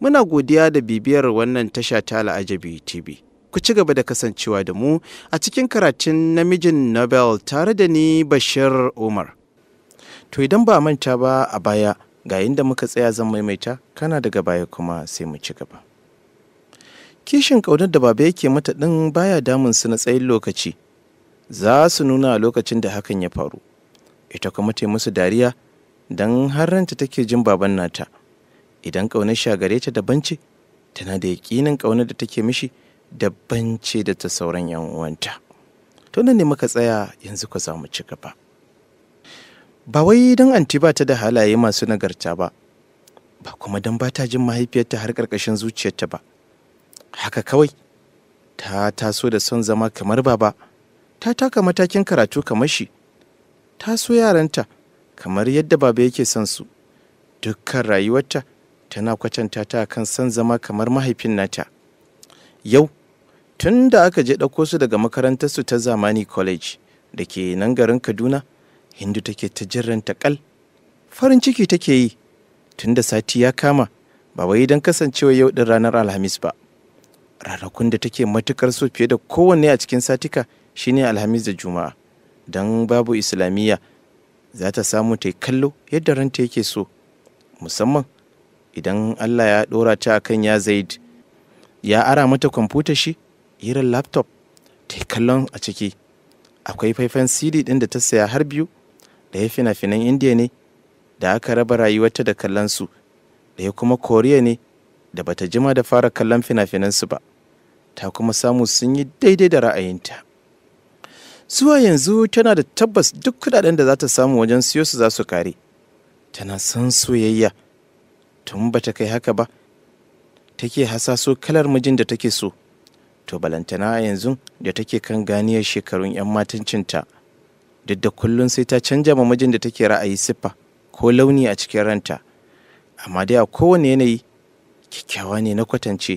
Muna godiya da bibiyar wannan tasha ta Al'ajabi TV. Ku ci gaba da kasancewa da mu a cikin karatun namijin Nobel tare da ni Bashir Umar. To idan ba manta ba a baya ga inda muka tsaya zan maimaita kana daga baya kuma sai mu ci gaba. Kishin ƙaunar da baba yake mata ɗin baya damun su na tsayin lokaci. Za su nuna lokacin da hakan ya faru. Ita kuma ta musu dariya don har ranta take jin baban nata. idan ƙaunar shi gare ta daban ce tana da yaƙinin ƙaunar da take mishi daban ce da ta sauran yan uwanta to nan ne muka tsaya yanzu ku samu mu ci gaba ba wai don anti ba ta da halaye masu nagarta ba ba kuma don ba ta jin mahaifiyarta har ƙarƙashin zuciyarta ba haka kawai ta taso da son zama kamar baba ta taka matakin karatu kamar shi ta so yaranta kamar yadda baba yake son su dukkan rayuwarta tana kwatanta ta kan son zama kamar mahaifin nata yau tun da aka je ɗauko su daga makarantarsu ta zamani college da ke nan garin kaduna hindu take ta jiranta kal farin ciki take yi tun da sati ya kama ba wai don kasancewa yau ɗin ranar alhamis ba ranakun da take matukar so fiye da kowanne a cikin satika shine alhamis da juma'a don babu islamiyya za ta samu ta yi kallo yadda ranta yake so musamman idan Allah ya ɗora ta kan ya zaid ya ara mata kwamfuta shi irin laptop ta kallon a ciki akwai faifan cd ɗin da ta saya har biyu da ya fina-finan indiya ne da aka raba rayuwarta da kallonsu da ya kuma koriya ne da bata jima da fara kallon fina su ba ta kuma samu sun yi daidai da ra'ayinta zuwa yanzu tana da tabbas duk kudaden da za ta samu wajen siyo su za su kare tana son soyayya tun ba ta kai haka ba take hasaso kalar mijin da take so to balantana a yanzu da take kan ganiyar shekarun 'yan matancinta duk da kullum sai ta canja ma mijin da take ra'ayi siffa ko launi a cikin ranta amma dai a kowane yanayi kyakkyawa ne na kwatance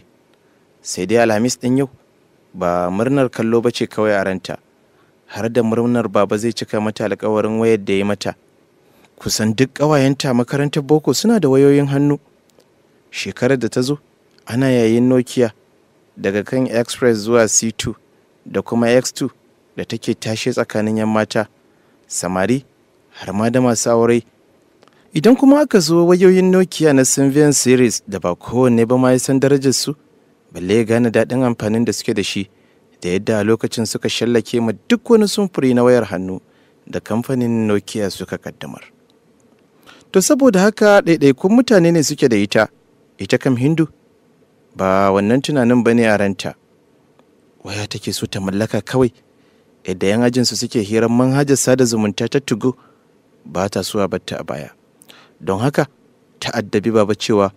sai dai alhamis ɗin yau ba murnar kallo ba ce kawai a ranta har da murnar baba zai cika mata alkawarin wayar da ya mata kusan duk ƙawayenta makarantar boko suna da wayoyin hannu shekarar da ta zo ana yayin nokia daga kan express zuwa c2 da kuma x2 da take tashe tsakanin yan mata samari har ma da masu aure idan kuma aka zo wayoyin nokia na symbian series da ba kowanne ba ma ya san darajar su balle ya gane daɗin amfanin da suke da shi da yadda a lokacin suka shallake ma duk wani sumfuri na wayar hannu da kamfanin nokia suka kaddamar. to saboda haka ɗaiɗaikun mutane ne suke da ita ita kam hindu ba wannan tunanin ba ne a ranta waya take so ta mallaka kawai idan yan ajinsu suke hirar manhajar sada zumunta ta tugu ba ta suwa batta a baya don haka ta'addabi addabi baba cewa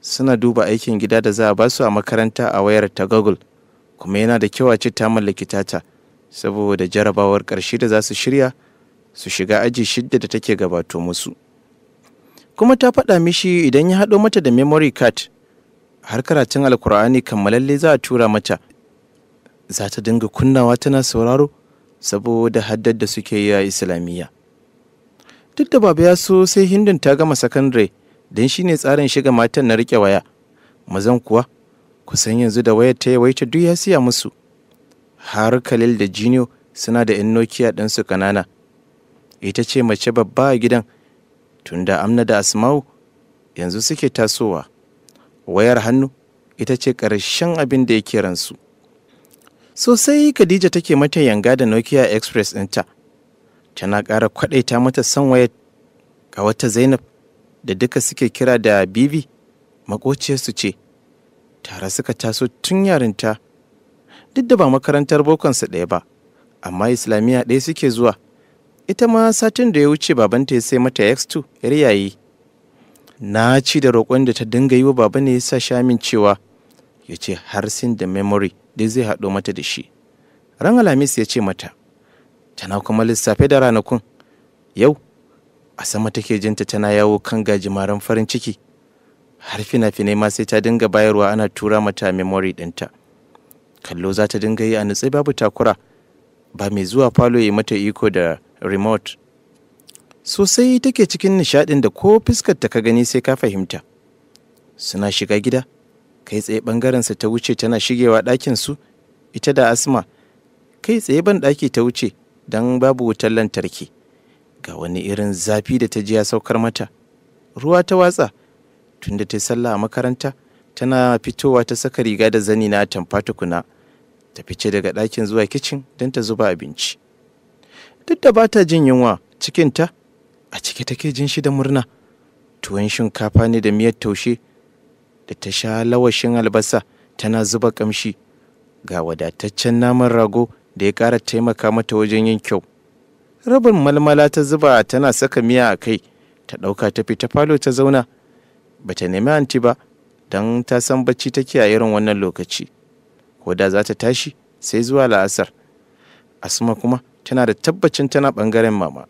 suna duba aikin gida da za a basu a makaranta a wayar ta google kuma yana da kyau a ce ta mallaki tata saboda jarabawar ƙarshe da za su shirya su shiga aji shidda da take gabato musu kuma ta faɗa mishi idan ya haɗo mata da memory card har karatun alkur'ani kammalalle za a tura mata za ta dinga kunnawa tana sauraro saboda haddar da suke yi a islamiyya duk da baba ya so sai hindun ta gama sakandare don shine tsarin shiga matan na rike waya mazan kuwa kusan yanzu da wayar ta yawaita duk ya siya musu har khalil da jiniyo suna da yan nokiya ɗansu kanana ita ce mace babba a gidan tunda amna da asma'u yanzu suke tasowa wayar hannu ita ce ƙarshen abin da yake ransu sosai khadija take mata yanga da nokia express ɗinta tana ƙara kwaɗaita mata san wayar ga wata zainab da duka suke kira da bibi su ce tare suka taso tun yarinta duk da ba makarantar bokonsu ɗaya ba amma islamiyya ɗaya suke zuwa ita ma satin da ya wuce babanta ya sai mata x2 yar yayi na ci da roƙon da ta dinga yi wa baba ne ya sa shamin cewa ya ce harsin da memory duk zai haɗo mata da shi ran alhamis ya ce mata tana kuma lissafe da ranakun yau a sama take jinta tana yawo kan gajimaren farin ciki har fina-finai ma sai ta dinga bayarwa ana tura mata memory ɗinta kallo za ta dinga yi a nutse babu takura ba mai zuwa falo ya mata iko da remote sosai take cikin nishaɗin da ko fuskar ta ka gani sai ka fahimta suna shiga gida kai tsaye ɓangarensa ta wuce tana shigewa ɗakinsu ita da asma kai tsaye ban ɗaki ta wuce don babu wutar lantarki ga wani irin zafi da ta ji ya saukar mata ruwa ta watsa tunda ta yi sallah a makaranta tana fitowa ta saka riga da zani na tamfa tukuna ta fice daga ɗakin zuwa kicin don ta zuba abinci duk da ba ta jin yunwa cikinta a cike take jin shi da murna tuwon shinkafa ne da miyar taushe da ta sha lawashin albasa tana zuba kamshi ga wadataccen naman rago da ya ƙara taimaka mata wajen yin kyau rabin malmala ta zuba tana saka miya a kai ta ɗauka ta fita falo ta zauna ba ta nemi anti ba don ta san bacci take a irin wannan lokaci ko da za ta tashi sai zuwa la'asar sama kuma tana da tabbacin tana bangaren mama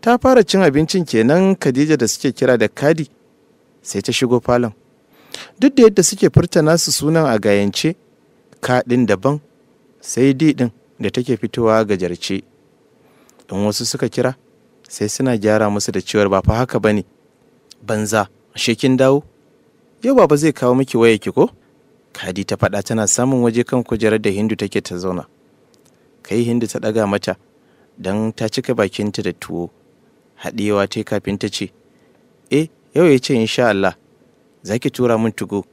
ta fara cin abincin kenan khadija da suke kira da kadi sai ta shigo falon duk da yadda suke furta nasu sunan a gayance kaɗin daban sai didin da take fitowa ga jarce in wasu suka kira sai suna gyara musu da cewar ba fa haka bane banza shekin dawo yau baba zai kawo miki waya ki ko kadi ta faɗa tana samun waje kan kujerar da hindu take ta zauna kai hindu ta ɗaga mata don ta cika bakinta da tuwo haɗewa ta kafin ta ce e yau ya ce insha Allah za ki tura min tugo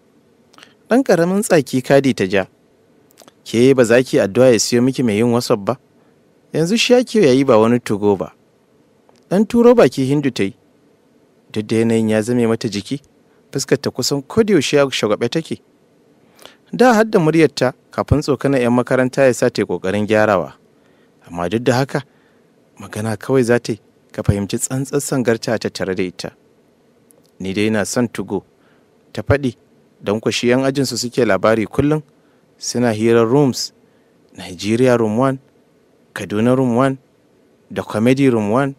ɗan ƙaramin tsaki kadi ta ja ke ba za ki addu'a ya siyo miki mai yin wasap ba yanzu shi yake ya yi ba wani tugo ba ɗan turo baki hindu ta yi duk da yanayin ya zame mata jiki fuskar ta kusan shi ya shagwabe take da hadda muryarta kafin tsokanar 'yan makaranta ya sace kokarin gyarawa amma duk da haka magana kawai za ta ka fahimci tsantsar sangarta ta tare da ita ni dai na son tugo ta faɗi don kwashi 'yan ajinsu suke labari kullum suna hirar rooms nigeria room 1 kaduna room 1 da comedy room 1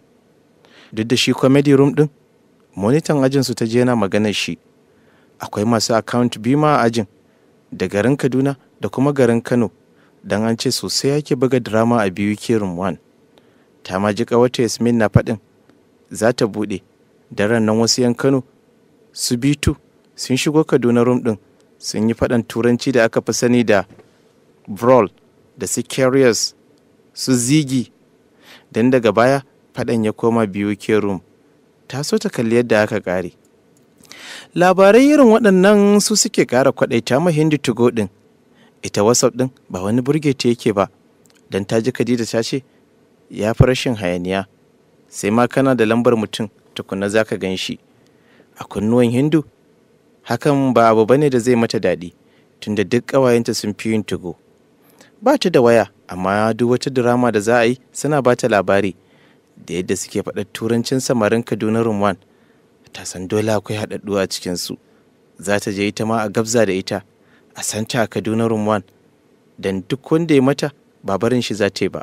duk da shi comedy room ɗin monitan ajinsu ta je na maganar shi akwai masu account bima a ajin da garin kaduna da kuma garin kano don an ce sosai ake buga drama a biyu kirin wan ta ma jiƙa wata yasmin na faɗin za ta buɗe da nan wasu yan kano su bitu sun shigo kaduna rum ɗin sun yi faɗan turanci da aka fi sani da brawl da sicarius su zigi don daga baya faɗan ya koma biyu ke rum ta so ta kalli yadda aka ƙare labarai irin waɗannan su suke ƙara kwaɗaita ma Hindu tugo ɗin ita whatsapp ɗin ba wani burge ta yake ba don ta ji da ta ce ya fi rashin hayaniya sai ma kana da lambar mutum tukuna za ka gan shi a kunnuwan hindu hakan ba abu bane da zai mata daɗi tunda duk ƙawayenta sun fi yin tugo ba ta da waya amma duk wata dirama da za a yi suna ba ta labari da yadda suke faɗa turancin samarin kaduna rumwan ta san dole akwai haɗaɗɗu a cikinsu za ta je ita ma a gabza da ita a santa a kaduna rumwan don duk wanda ya mata ba barin shi za ta ba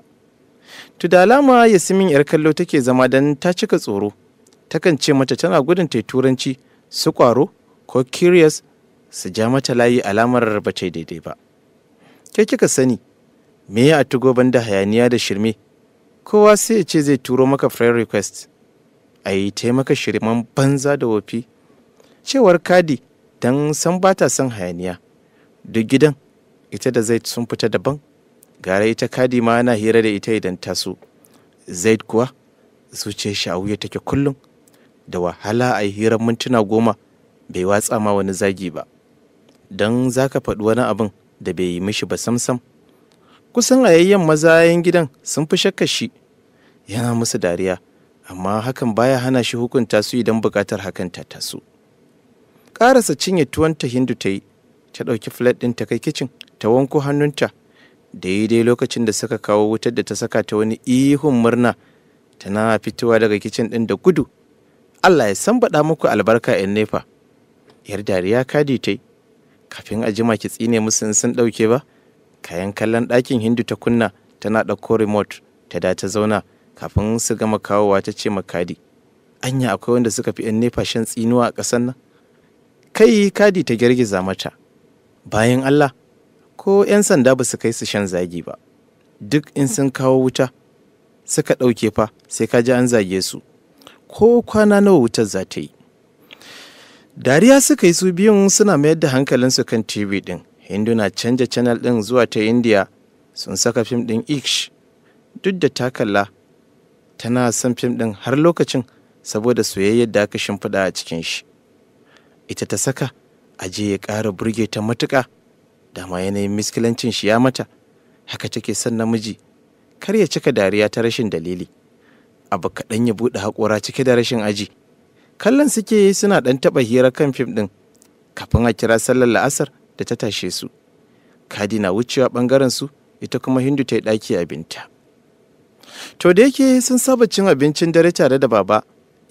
to da alama yasmin yar kallo take zama dan ta cika tsoro takan ce mata tana gudun ta turanci su kwaro ko curious su ja mata layi alamar ba ta daidai ba ke kika sani me ya a tugo banda hayaniya da shirme kowa sai ya ce zai turo maka friend request a yi taimaka shirman banza da wofi cewar kadi don san bata son hayaniya duk gidan ita da zaid sun fita daban gara ita kadi ma ana hira da ita idan ta taso zaid kuwa zuciyar wuya take kullum da wahala a yi hirar mintuna goma bai watsa ma wani zagi ba don za ka faɗi wani abin da bai yi mishi ba samsam kusan yayyan mazayen gidan sun fi shakka shi yana musu dariya amma hakan baya hana shi hukunta su idan bukatar hakan ta taso ƙarasa cinye tuwanta hindu ta yi ta ɗauki flat ɗin ta kai kicin ta wanko hannunta daidai lokacin da suka kawo wutar da ta saka ta wani ihun murna tana fitowa daga kicin ɗin da gudu allah ya san baɗa muku albarka yan nefa yar dariya kadi ta yi kafin a jima ki tsine musu in sun ɗauke ba kayan kallon ɗakin hindu ta kunna tana ɗauko remote ta da ta zauna kafin su gama kawowa ta ce makadi anya akwai wanda suka fi 'yan nefa shan tsinuwa a ƙasan nan kai kadi ta girgiza mata bayan allah ko 'yan sanda ba su kai su shan zagi ba duk in sun kawo wuta suka ɗauke fa sai ka ji an zage su ko kwana nawa wutar za ta yi dariya suka yi su biyun suna mayar da hankalinsu kan tv ɗin hindu na canja canal ɗin zuwa ta india sun saka fim ɗin ish duk da takalla tana son fim ɗin har lokacin saboda soyayyar da aka shimfiɗa a cikin shi ita ta saka aje ya ƙara burge ta matuƙa ma yanayin miskilancin shi ya mata haka take son namiji kar ya cika dariya ta rashin dalili abu kaɗan ya buɗe haƙora cike da rashin aji kallon suke yi suna ɗan taɓa hira kan fim ɗin kafin a kira sallar la'asar da ta tashe su kadi na wucewa ɓangaren su ita kuma hindu ta yi ɗaki a binta to da yake sun saba cin abincin dare tare da baba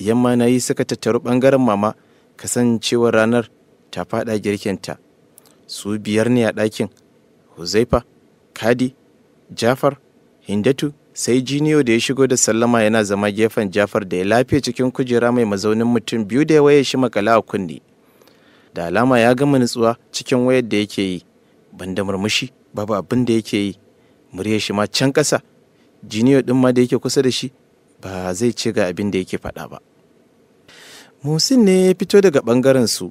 yamma na yi suka tattaru bangaren mama kasancewar ranar ta faɗa girkinta su biyar ne a ɗakin huzaifa kadi jafar hindatu sai jiniyo da ya shigo da sallama yana zama gefen jafar da ya lafiya cikin kujera mai mazaunin mutum biyu da ya waye shi makala a kunni da alama ya gama nutsuwa cikin wayar da yake yi da murmushi babu abin da yake yi murya shi ma can ƙasa jiniyo ɗin ma da yake kusa da shi ba zai ce ga abin da yake faɗa ba musin ne ya fito daga ɓangaren su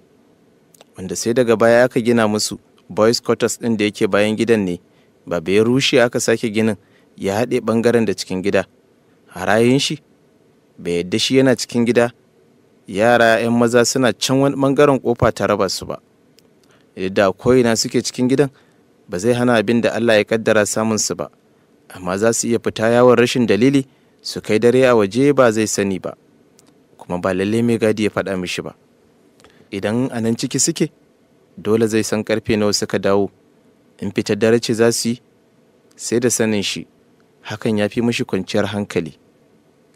wanda sai daga baya aka gina musu boys quarters ɗin da yake bayan gidan ne ba bai rushe aka sake ginin ya haɗe ɓangaren da cikin gida a rayun shi bai yadda shi yana cikin gida yara 'yan maza suna can wani ɓangaren kofa ta raba su ba idan da ko'ina suke cikin gidan ba zai hana abin da allah ya kaddara samun su ba amma za su iya fita yawon rashin dalili su kai dare a waje ba zai sani ba kuma ba lalle mai gadi ya faɗa mishi ba idan a nan ciki suke dole zai san karfe nawa suka dawo in fita dare ce za su yi sai da sanin shi hakan ya fi mishi kwanciyar hankali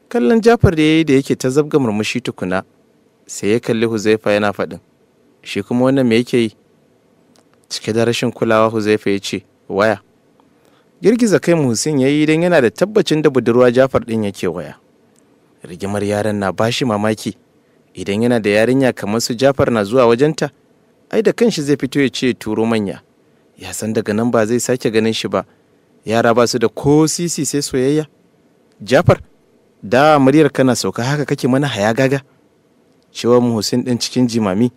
kallon jafar da ya yi da yake ta zabga murmushi tukuna sai ya kalli huzaifa yana faɗin shi kuma wannan me yake yi cike da rashin kulawa huzaifa ya ce waya girgiza kai Muhsin ya yi don yana da tabbacin da budurwa jafar ɗin ya kewaya rigimar yaran na bashi mamaki idan yana da yarinya kamar su jafar na zuwa wajenta ai da kanshi zai fito ya ce turo manya ya san daga nan ba zai sake ganin shi ba yara ba su da ko sisi sai soyayya jafar da muryar kana sauka haka kake mana haya gaga cewa muhsin din cikin jimami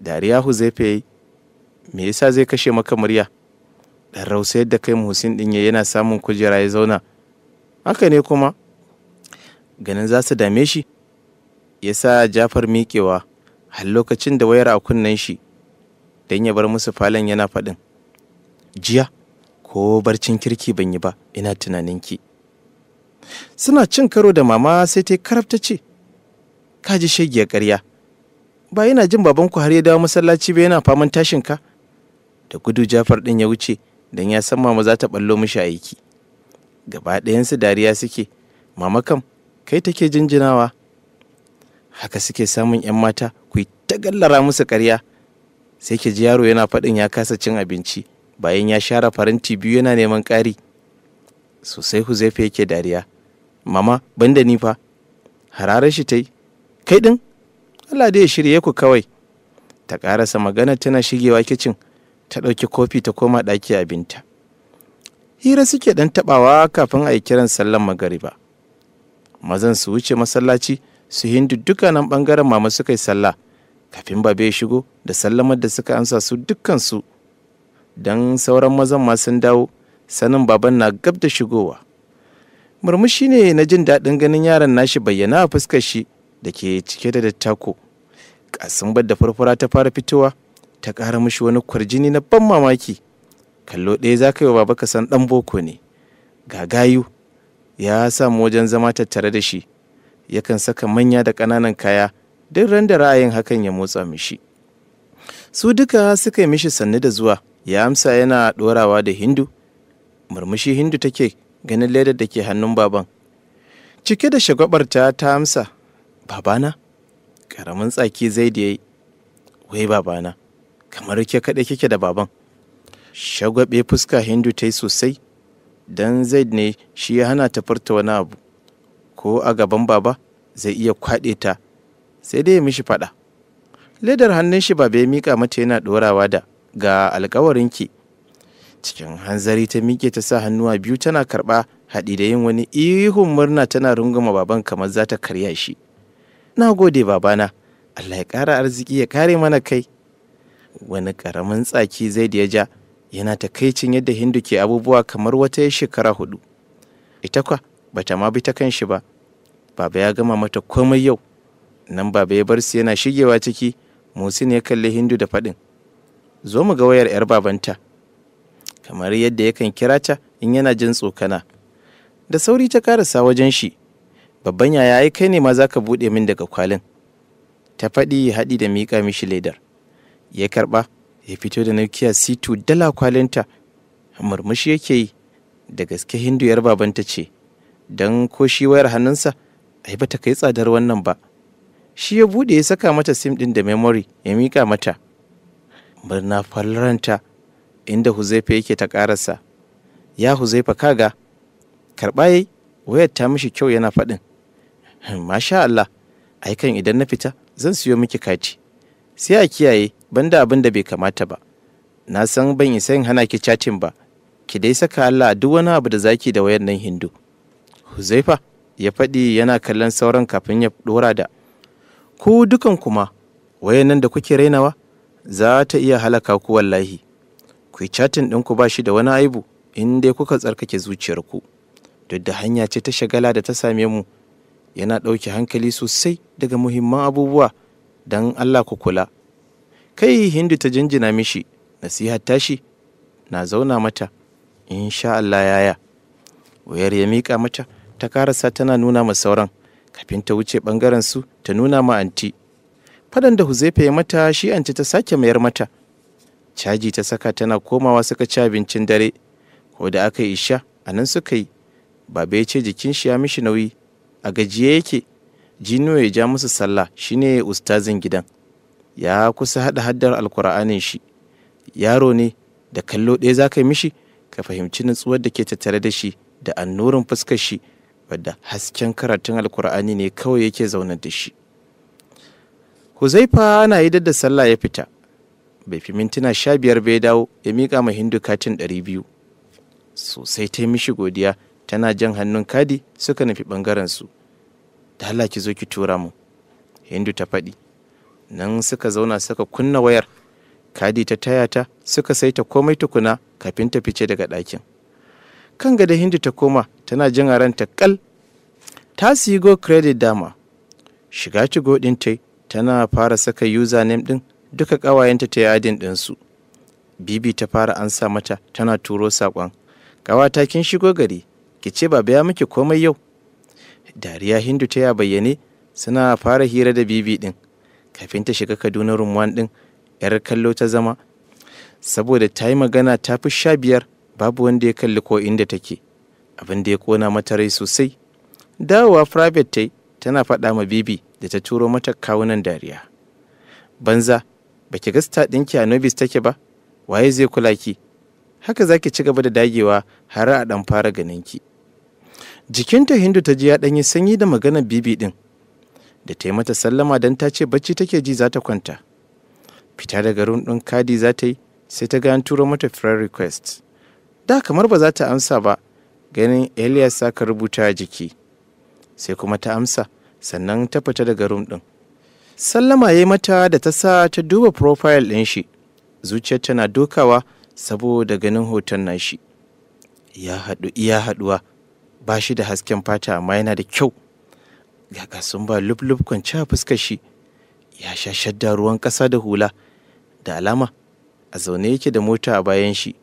dariya huzaife me yasa zai kashe maka murya rausa yadda kai muhsin ɗin ya yana samun kujera ya zauna haka ne kuma ganin za su dame shi ya sa jafar miƙewa har lokacin da wayar a kunnen shi don ya bar musu falon yana faɗin jiya ko barcin kirki ban yi ba ina tunanin ki suna cin karo da mama sai ta karabta ce ka ji ya karya. ba yana jin babanku har ya dawo masallaci ba yana faman tashinka da gudu jafar ɗin ya wuce don ya san mama za ta ballo mishi aiki gaba ɗayansu dariya suke mama kam kai take jinjinawa haka suke samun 'yan mata ku yi ta gallara musu karya sai ke ji yaro yana faɗin ya kasa cin abinci bayan ya share faranti biyu yana neman ƙari sosai huzaifa yake dariya mama banda ni fa hararar shi ta yi kai ɗin allah dai ya shirye ku kawai ta ƙarasa magana tana shigewa kicin ta ɗauki kofi ta koma ɗaki abinta hira suke ɗan taɓawa kafin a yi kiran sallan magariba mazan su wuce masallaci su hindu duka nan ɓangaren mama suka yi sallah kafin babe ya shigo da sallamar da suka amsa su dukkansu don sauran mazan ma sun dawo sanin baban na gab da shigowa murmushi ne na jin daɗin ganin yaran nashi bayyana a fuskar shi da ke cike da dattako kasin da furfura ta fara fitowa ta ƙara mishi wani kwarjini na ban mamaki kallo ɗaya za ka yi wa baba ka san ɗan boko ne ga gayu ya samu wajen zama tattare da shi yakan saka manya da ƙananan kaya duk ran da ra'ayin hakan ya motsa mishi su duka suka yi mishi sannu da zuwa ya amsa yana ɗorawa da hindu murmushi hindu take ganin ledar da ke hannun baban cike da shagwabarta ta amsa babana ƙaramin tsaki zai da yi wai babana kamar ke kaɗai kike da baban shagwabe fuska hindu ta yi sosai don zaid ne shi ya hana ta furta wani abu ko a gaban baba zai iya kwaɗe ta sai dai ya mishi faɗa ledar hannun shi baba ya miƙa mata yana ɗorawa da ga ki. cikin hanzari ta miƙe ta sa hannuwa biyu tana karɓa haɗi da yin wani ihun murna tana runguma baban kamar za ta karya shi na gode babana allah ya ƙara arziki ya kare mana kai wani karamin tsaki zai da ya ja yana takaicin yadda hindu ke abubuwa kamar wata ya shekara hudu ita kwa ba ta ma bi ta kan shi ba baba ya gama mata komai yau nan baba ya bar su yana shigewa ciki musin ya kalli hindu da faɗin zo mu ga wayar 'yar babanta kamar yadda yakan kira ta in yana jin tsokana da sauri ta karasa wajen shi babban yaya ai kai ne ma zaka ka buɗe min daga kwalin ta faɗi haɗi da miƙa mishi ledar ya karba ya fito da nokia c2 dala kwalinta murmushi yake yi da gaske hindu yar babanta ce don ko shi wayar hannunsa ai bata kai tsadar wannan ba shi ya bude ya saka mata sim din da memory ya mika mata murna falranta inda huzaifa yake ta karasa ya huzaifa kaga karɓa yayi wayar ta mishi kyau yana faɗin masha Allah aikan idan na fita zan siyo miki kati sai a kiyaye banda abin da bai kamata ba na san ban isa in hana ki chatin ba ki dai saka Allah duk wani abu da zaki da wayar nan hindu huzaifa ya faɗi yana kallon sauran kafin ya ɗora da ku dukan kuma wayar nan da kuke rainawa za ta iya halaka ku wallahi ku yi chatin ɗinku ba shi da wani aibu in dai kuka tsarkake zuciyar ku duk da hanya ce ta shagala da ta same mu yana ɗauke hankali sosai daga muhimman abubuwa Dan Allah ku kula. Kai Hindu ta jinjina mishi, nasihar tashi, na zauna mata, insha Allah yaya. Wayar ya miƙa mata, ta karasa tana nuna ma sauran, kafin ta wuce ɓangaren su ta nuna ma anti. Fadan da huzefe ya mata shi anti ta sake mayar mata. Caji ta saka tana komawa suka ci abincin dare, ko da aka yi isha a nan suka yi, Baba ya ce jikin shi ya mishi nauyi, a gajiye yake. jinu ya ja musu sallah shine ustazin gidan ya kusa hada haddar alkur'anin shi yaro ne da kallo ɗaya za ka yi mishi ka fahimci nutsuwar da ke tattare da shi da annurin fuskar shi wadda hasken karatun alkur'ani ne kawai yake zaunar da shi huzaifa na yi da sallah ya fita bai fi mintuna sha biyar bai dawo ya miƙa ma hindu katin ɗari biyu sosai ta mishi godiya tana jan hannun kadi suka nufi ɓangaren su da Allah ki zo ki tura mu hindu ta faɗi nan suka zauna suka kunna wayar kadi ta taya ta suka saita komai tukuna kafin ta fice daga ɗakin kan gada hindu ta koma tana jin ranta kal ta siyi go credit dama shiga ci ɗin ta tana fara saka username ɗin duka ƙawayenta ta yadin ɗinsu bibi ta fara ansa mata tana turo sakon. ƙawata kin shigo gari ki ce ba biya miki komai yau dariya hindu ta ya bayyane suna fara hira da bibi din kafin ta shiga kaduna rumwan din yar kallo ta zama saboda ta yi magana ta fi sha biyar babu wanda ya kalli ko inda take abin da ya kona mata rai sosai dawowa private tai tana faɗa ma bibi da ta turo mata kawunan dariya banza baki gasta ɗinki a nobis take ba waye zai kula ki haka zaki ci gaba da dagewa har a ɗan fara ganinki jikinta hindu ta ji ya ɗanyi sanyi da maganar bibi ɗin da ta yi mata sallama don ta ce bacci take ji za ta kwanta fita daga rundun ɗin kadi za ta yi sai ta gani turo mata friend request da kamar ba za ta amsa ba ganin elias ka rubuta a jiki sai kuma ta amsa sannan ta fita daga rundun. ɗin sallama ya yi mata da ta sa ta duba profile ɗin shi zuciyar tana dokawa saboda ganin hoton nashi ya haɗu iya haɗuwa ba shi da hasken fata amma yana da kyau ga sun ba lub-lub kwanci a fuskar shi ya sha shadda ruwan ƙasa da hula da alama a zaune yake da mota a bayan shi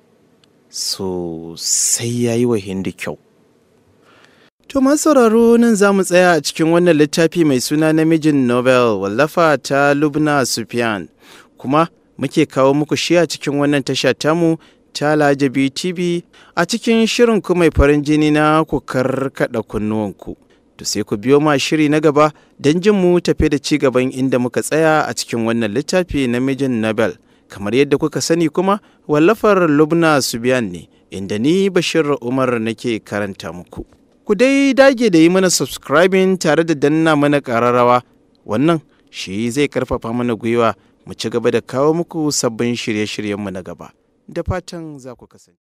sosai ya yi wa hindi kyau To sauraro nan za mu tsaya a cikin wannan littafi mai suna namijin novel wallafa ta Lubna Sufyan. Kuma muke kawo muku shi a cikin wannan tasha tamu Tala Jabi TV a cikin shirin ku mai farin jini na ku karkada kunnuwanku. To sai ku biyo ma shiri na gaba don jin mu tafe da ci gaban inda muka tsaya a cikin wannan littafi na mijin Nobel. Kamar yadda kuka sani kuma wallafar Lubna Subiyan ne inda ni Bashir Umar nake karanta muku. Ku dai dage da yi mana subscribing tare da danna mana ƙararrawa. Wannan shi zai karfafa mana gwiwa mu ci gaba da kawo muku sabbin shirye-shiryenmu na gaba. da fatan za ku kasance.